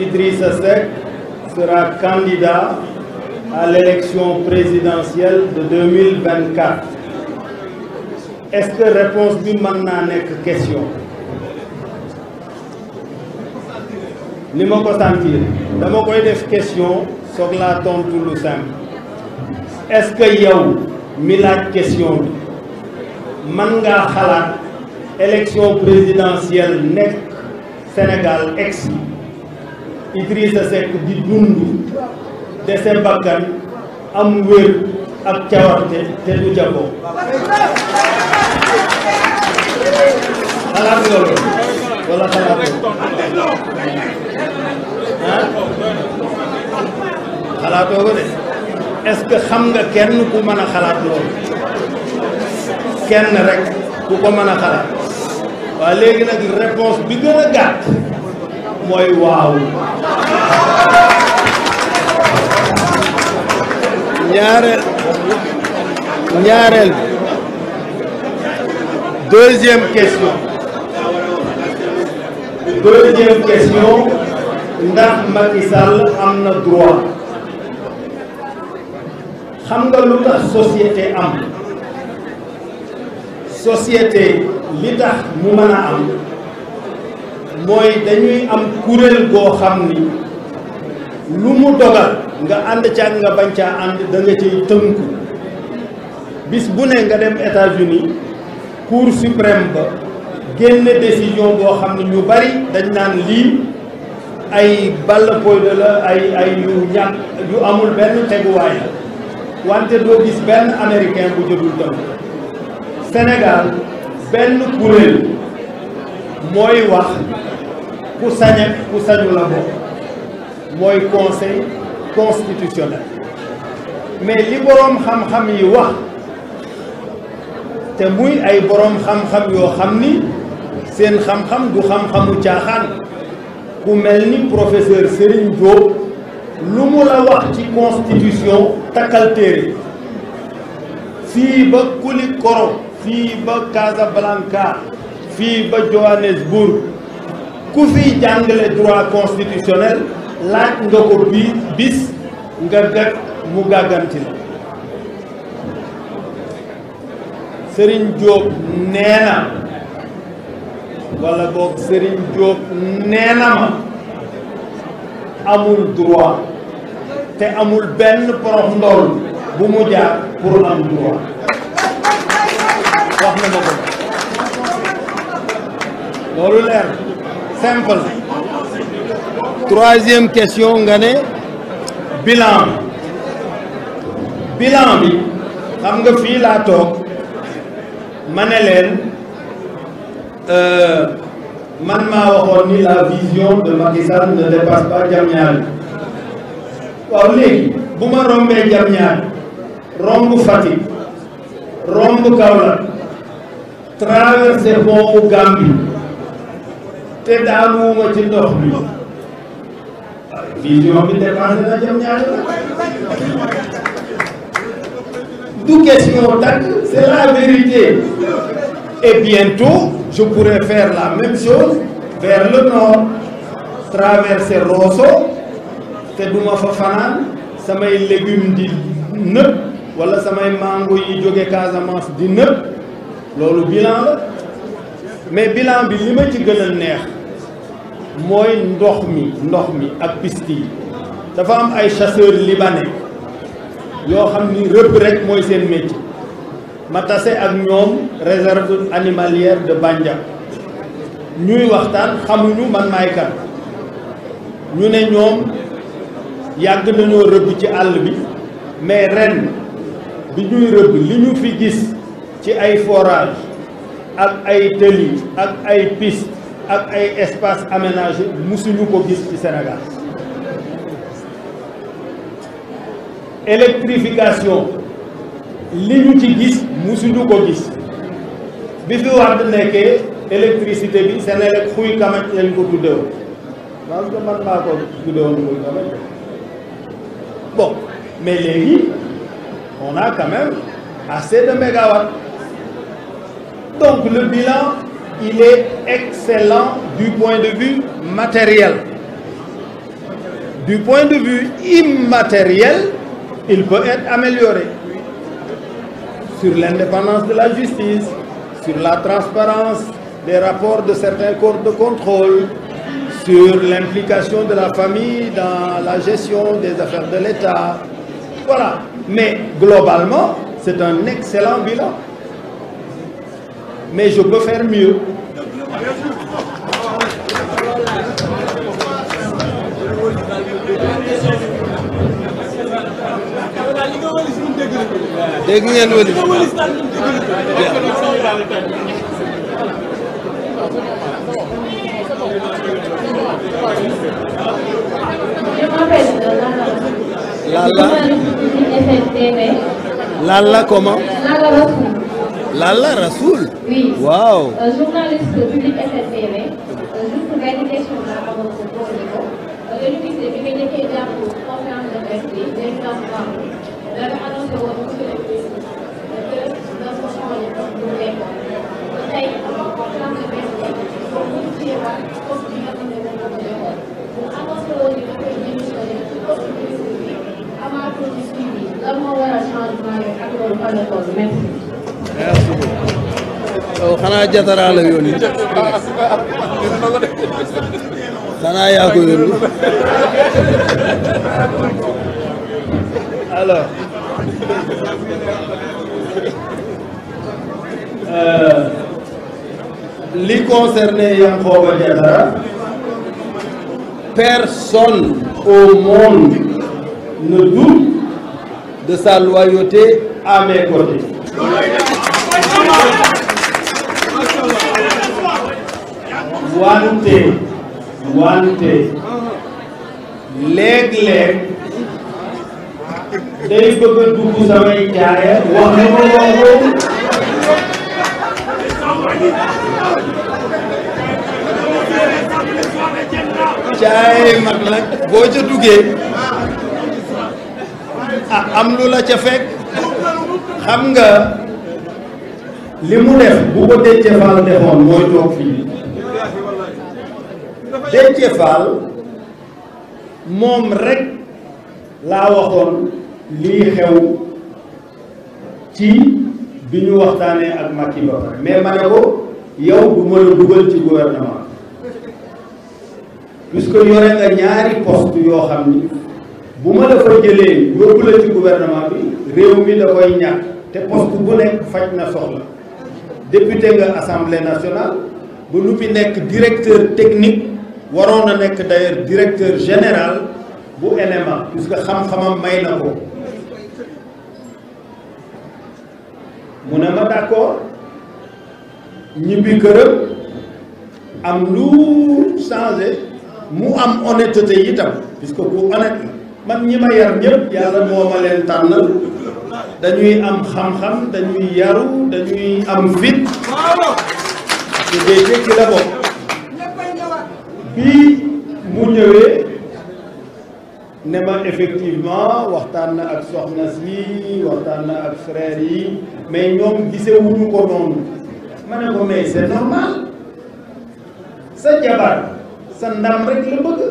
Idrissa Seck sera candidat à l'élection présidentielle de est-ce que réponse bi mën naa nekk question ni ma ko dama koy def question soog laa tontu lu simple est-ce que yow mi question bi mën ngaa xalaat élection présidentielle nekk Sénégal ex Idrissa Seck di dund dese bakkan am wér ak cawarte te du jaboo xalaat loolu wala xalaat loolu ah xalaatoo ko de est-ce xam nga kenn ku mën a xalaat loolu kenn rek ku ko mën a xalaat waaw léegi nag réponse bi gën a gàtt mooy waaw ñaareel ñaareel deuxième question deuxième question ndax Macky am na droit xam nga lu tax société am société li tax mu mën a am mooy dañuy am kuréel goo xam ni lu mu dogal nga ànd ca nga bañ caa ànd da nga ciy tënku bis bu ne nga dem états cour suprême ba génne décision boo xam ne ñu bari dañ naan lii ay ball poy ay ay yu ñàkk yu amul benn teguwaay la wante doo gis benn américain bu jëlul tam Sénégal benn kuréel mooy wax ku sañe ku sañu la bokk mooy conseil constitutionnel mais li boroom xam-xam yi wax te muy ay boroom xam-xam yoo xam ni seen xam-xam du xam-xamu caaxaan ku mel ni professeur Serigne Diop lu mu la wax ci constitution takkal téere fii ba Koulikoro fii ba Casablanca fii ba Johannesburg ku fiy jàngale droit constitutionnel laaj nga ko bii bis nga gàtt mu gàgganti la Serigne Diop nee na wala boog Serigne Diop nee na ma amul droit te amul benn porox ndol bu mu jaar pour am droit wax na ma ko loolu leer simple troisième question nga ne bilan bilan bi xam nga fii laa toog ma ne leen euh, man maa waxoon ni la vision de Macky Sall ne dépasse pas Diamniadio waaw léegi bu ma rombee Diamniadio romb Fatick romb Kaolack traversé boobu Gambie te daanuwuma ci ndox mi vision bi dépensé na jëm ñaari la du question tàkk c'est la vérité et bientôt je pourrais faire la même vers le nord traverser Rosso te duma fa fanaan samay légumes di nëb wala samay mango yi jóge Casamance di nëb loolu bilan la mais bilan bi li ma ci gën a neex mooy ndox mi ndox mi ak piste dafa am ay chasseurs libanais yoo xam ni rëbb rek mooy seen métier ma tase ak ñoom réserve animalière de Bandia ñuy waxtaan xamuñu man maay kan ñu ne ñoom yàgg nañoo rëbb ci àll bi mais ren bi ñuy rëbb li ñu fi gis ci ay forage ak ay tëli ak ay piste ak ay espace aménagé musuñu ko gis ci Sénégal électrification li ñu ci gis musuñu ko gis bi fi Wade nekkee électricité bi Senelec xuy kamaj lañ ko tuddewoon parce que man maa ko tuddewoon xuy kamaj bon mais léegi on a quand même de mégawatts Donc le bilan, il est excellent du point de vue matériel. Du point de vue immatériel, il peut être amélioré sur l'indépendance de la justice, sur la transparence des rapports de certains corps de contrôle, sur l'implication de la famille dans la gestion des affaires de l'État. Voilà. Mais globalement, c'est un excellent bilan. mais je peux faire mieux. dégg ngeen wëli comment Lalla Rasoul. Oui. Waaw. journaliste public SNTV. xanaa jataraa la yónni xanaa yaa ko yónni alors euh, li concerné Yankhoba Diattara personne au monde ne doute de sa loyauté à mes wante wante léeg-léeg day bëgg a dugg samay caaya wax na ma waxoo caaya mag nag boo ca duggee ah, am lu la ca fekk xam nga li mu def bu ko dencee faal defoon mooy toog fi Déthié Fall moom rek laa waxoon lii xew ci bi ñu waxtaanee ak Macky ba pare mais ma ne ko yow du ma la dugal ci gouvernement puisque yore nga ñaari poste yoo xam ni bu ma la fa jëlee yóbbu ci gouvernement bi réew mi da koy ñàkk te poste bu nekk faj na soxla député nga assemblée nationale ba lu nekk directeur technique waroon na nekk d'ailleurs directeur général bu NMA puisque xam-xamam may na ko mu ne ma d'accord ñibbi këram am lu changé mu am honnêteté itam puisque ku honnête man ñi ma yar ñëpp yàlla moo ma leen tànnal dañuy am xam-xam dañuy yaru dañuy am fit su dee ci la bokk bii mu ñëwee ne ma effectivement waxtaan na ak soxna si waxtaan na ak frère yi mais ñoom gisewuñu ko noonu ma ne ko mais c'est normal sa jabar sa ndam rek la bëgg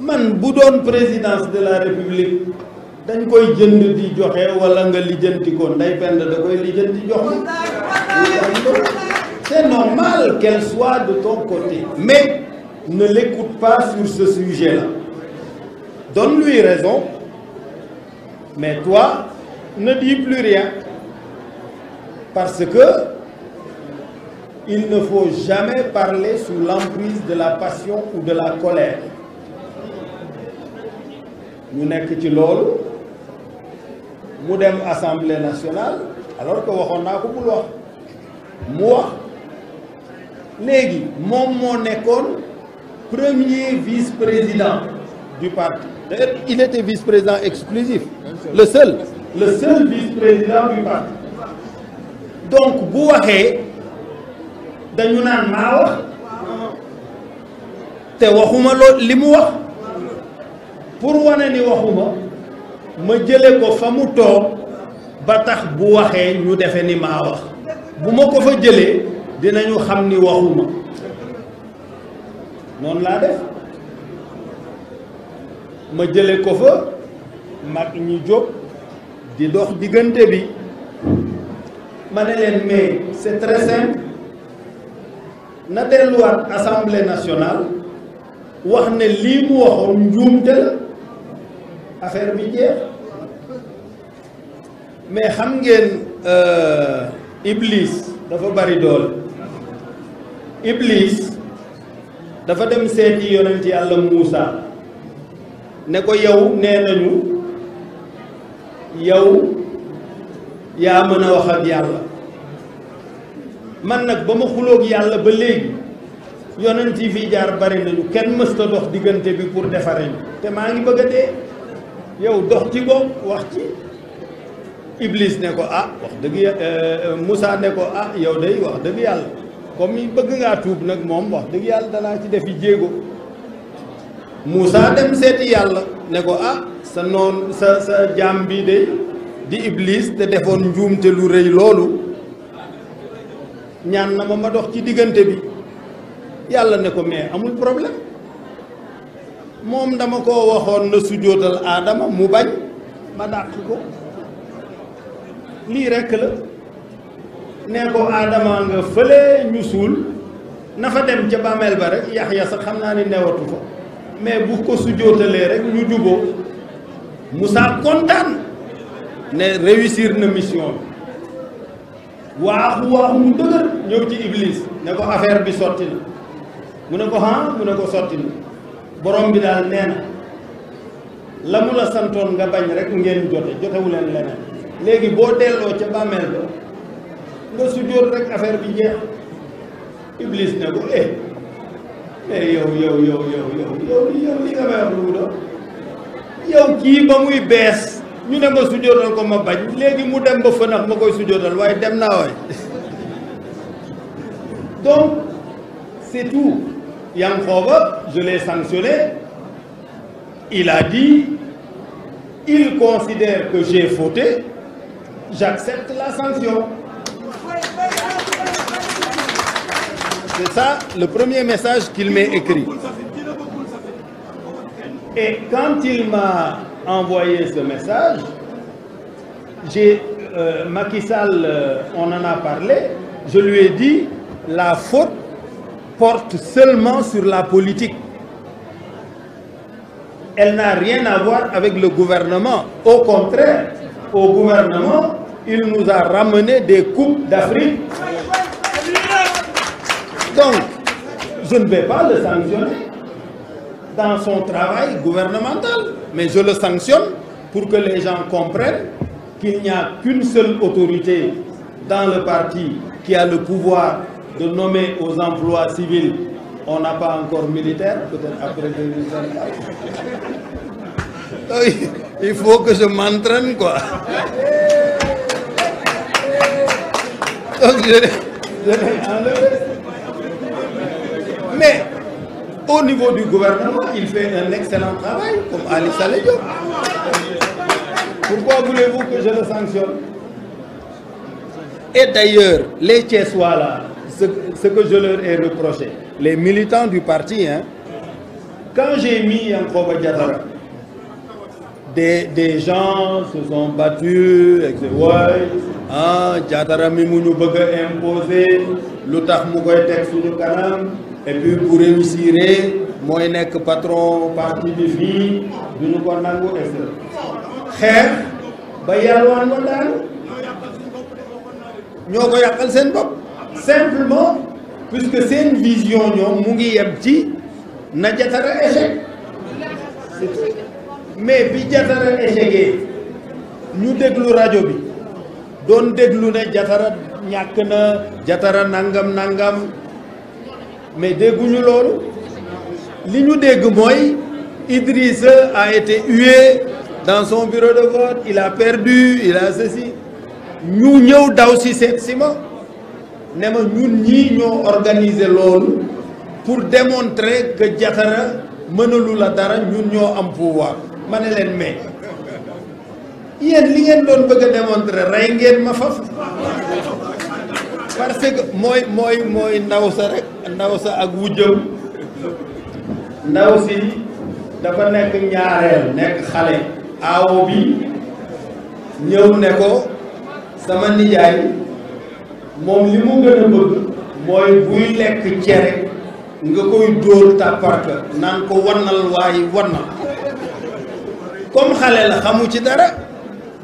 man bu doon présidence de la république dañ koy jënd di joxe wala nga lijjanti ko nday pend da koy lijjanti jox C'est normal qu'elle soit de ton côté, mais ne l'écoute pas sur ce sujet-là. Donne-lui raison, mais toi, ne dis plus rien. Parce que il ne faut jamais parler sous l'emprise de la passion ou de la colère. ñu nekk ci loolu mu dem assemblée nationale alors que waxoon naa ko bul mu wax léegi moom moo nekkoon premier vice-président du parti d'ailleurs il était vice-président exclusif le seul le seul vice-président du parti donc bu waxee dañu naan maa wax te waxuma loo li mu wax pour wane ni waxuma ma jële ko fa mu toog ba tax bu waxee ñu defe ni maa wax bu ma ko fa jëlee dina dinañu xam ni waxuma noonu laa def ma jële ko fa mag ñu jóg di dox diggante bi ma ne leen mais c'est très simple na delluwaat assemblée nationale wax ne lii mu waxoon njuumte la affaire bi jeex mais xam ngeen euh, Iblis dafa bari doole Iblis dafa dem seeti yonent yàlla Muusa ne ko yow nee nañu yow yaa mën a wax ak yàlla man nag ba ma xuloog yàlla ba léegi yonent yi fii jaar bari nañu kenn mësta dox diggante bi pour defare ñu te maa ngi bëgg dee yow dox ci bopp wax ci Iblis ne ko ah wax dëgg euh, Muusa ne ko ah yow day wax dëgg yàlla comme bëgg ngaa tuub nag moom wax dëgg yàlla danaa ci def defi jéego Moussa dem seeti yàlla ne ko ah sa noon sa sa jaam bi de di ibliis te defoon njuumte lu rëy loolu ñaan na ma ma dox ci diggante bi yàlla ne ko mais amul problème moom dama ko waxoon na sujootal aadama mu bañ ma dàq ko lii rekk la nee ko aadama nga fële ñu suul na fa dem ca bàmmeel ba rek yaxya sax xam naa ni newatu fa mais bu ko su jootalee rek ñu juboo Moussa kontaan ne réussir na mission bi waaxu waaxu mu dëgër ñëw ci Iblis ne ko affaire bi sotti na mu ne ko ah mu ne ko sotti na borom bi daal nee na la mu la santoon nga bañ rek ngeen jote jotewu leen leneen léegi boo delloo ca bàmmeel ba nga sujjóot rek affaire bi jeex iblis ne ko eh eh yow yow yow yow yow yow li nga may wax lu doon yow kii ba muy bees ñu ne ma sujjóotal ko ma bañ léegi mu dem ba fënax ma koy sujjóotal waaye dem naa waay donc c'est tout Yankhoba je l'ai sanctionné il a dit il considère que j'ai fauté j'accepte la sanction C'est ça le premier message qu'il m'est écrit. Et quand il m'a envoyé ce message, j'ai euh, Macky Sall, euh, on en a parlé, je lui ai dit la faute porte seulement sur la politique. Elle n'a rien à voir avec le gouvernement. Au contraire, au gouvernement, il nous a ramené des coupes d'Afrique. Donc, je ne vais pas le sanctionner dans son travail gouvernemental, mais je le sanctionne pour que les gens comprennent qu'il n'y a qu'une seule autorité dans le parti qui a le pouvoir de nommer aux emplois civils. On n'a pas encore militaire, peut-être après 2024. Il faut que je m'entraîne, quoi. Donc, je, je vais enlever. Au niveau du gouvernement, il fait un excellent travail, comme Ali Saleh Diop. Pourquoi voulez-vous que je le sanctionne? Et d'ailleurs, les Thiessois là, ce, ce que je leur ai reproché, les militants du parti, hein, quand j'ai mis Yankhoba Diattara, des des gens se sont battus et que waay ah Diattara mi mu ñu bëgg a imposer lu mu koy et bu réussir mooy nekk patron parti bi fii duñu ko nangu et xeex ba yàlwaan ma daanu ñoo ko yàqal seen bopp simplement puisque seen vision ñoom mu ngi yem ci na jatara échec mais bi jatara échecgee ñu déglu rajo bi doon déglu ne jatara ñàkk na jatara nangam nangam mais dégguñu loolu li ñu dégg mooy Idrissa a été hué dans son bureau de vote il a perdu il a ceci ñu ñëw daw si seet si ma ne ma ñun ñii ñoo organiser loolu pour démontrer que Diakhara mënalu la dara ñun ñoo am pouvoir ma ne leen mais yéen li ngeen doon bëgg a démontrer rey ngeen ma faf parce que mooy mooy mooy ndaw sa rek ndaw sa ak wujjam ndaw si dafa nekk ñaareel nekk xale aawo bi ñëw ne sama nijaay moom li mu gën a bëgg mooy buy lekk cere nga koy dóor tàpparka naan ko wannal waaye wannal comme xale la xamu ci dara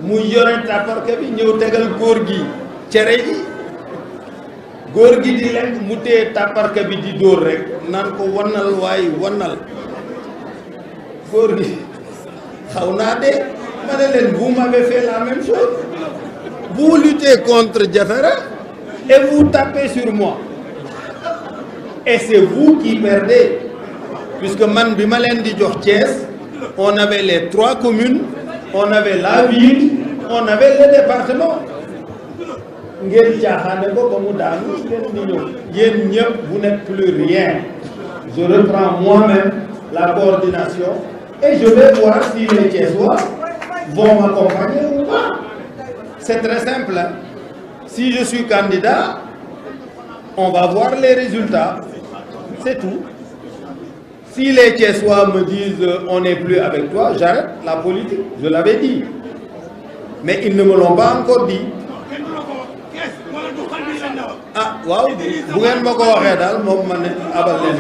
mu yore tàpparka bi ñëw tegal góor gi cere yi goor gi di lekk mu téye tàpparka bi di dóor rek naan ko wannal waaye wannal góor gi xaw naa de ma ne leen vous m'avez la même chose vous luttez contre Diafara et vous tapez sur moi et c'est vous qui perdez puisque man bi ma leen di jox Thiès on avait les trois communes on avait la ville on avait le département ngeen caaxaane ko ba mu daanu ngeen di ñëw vous n'êtes plus rien je reprends moi-même la coordination et je vais voir si les Thiessois vont m'accompagner ou pas c'est très simple si je suis candidat on va voir les résultats c'est tout si les Thiessois me disent on n'est plus avec toi j'arrête la politique je l'avais dit mais ils ne me l'ont pas encore dit waaw bu ngeen ma ko waxee daal moom ma ne abal leen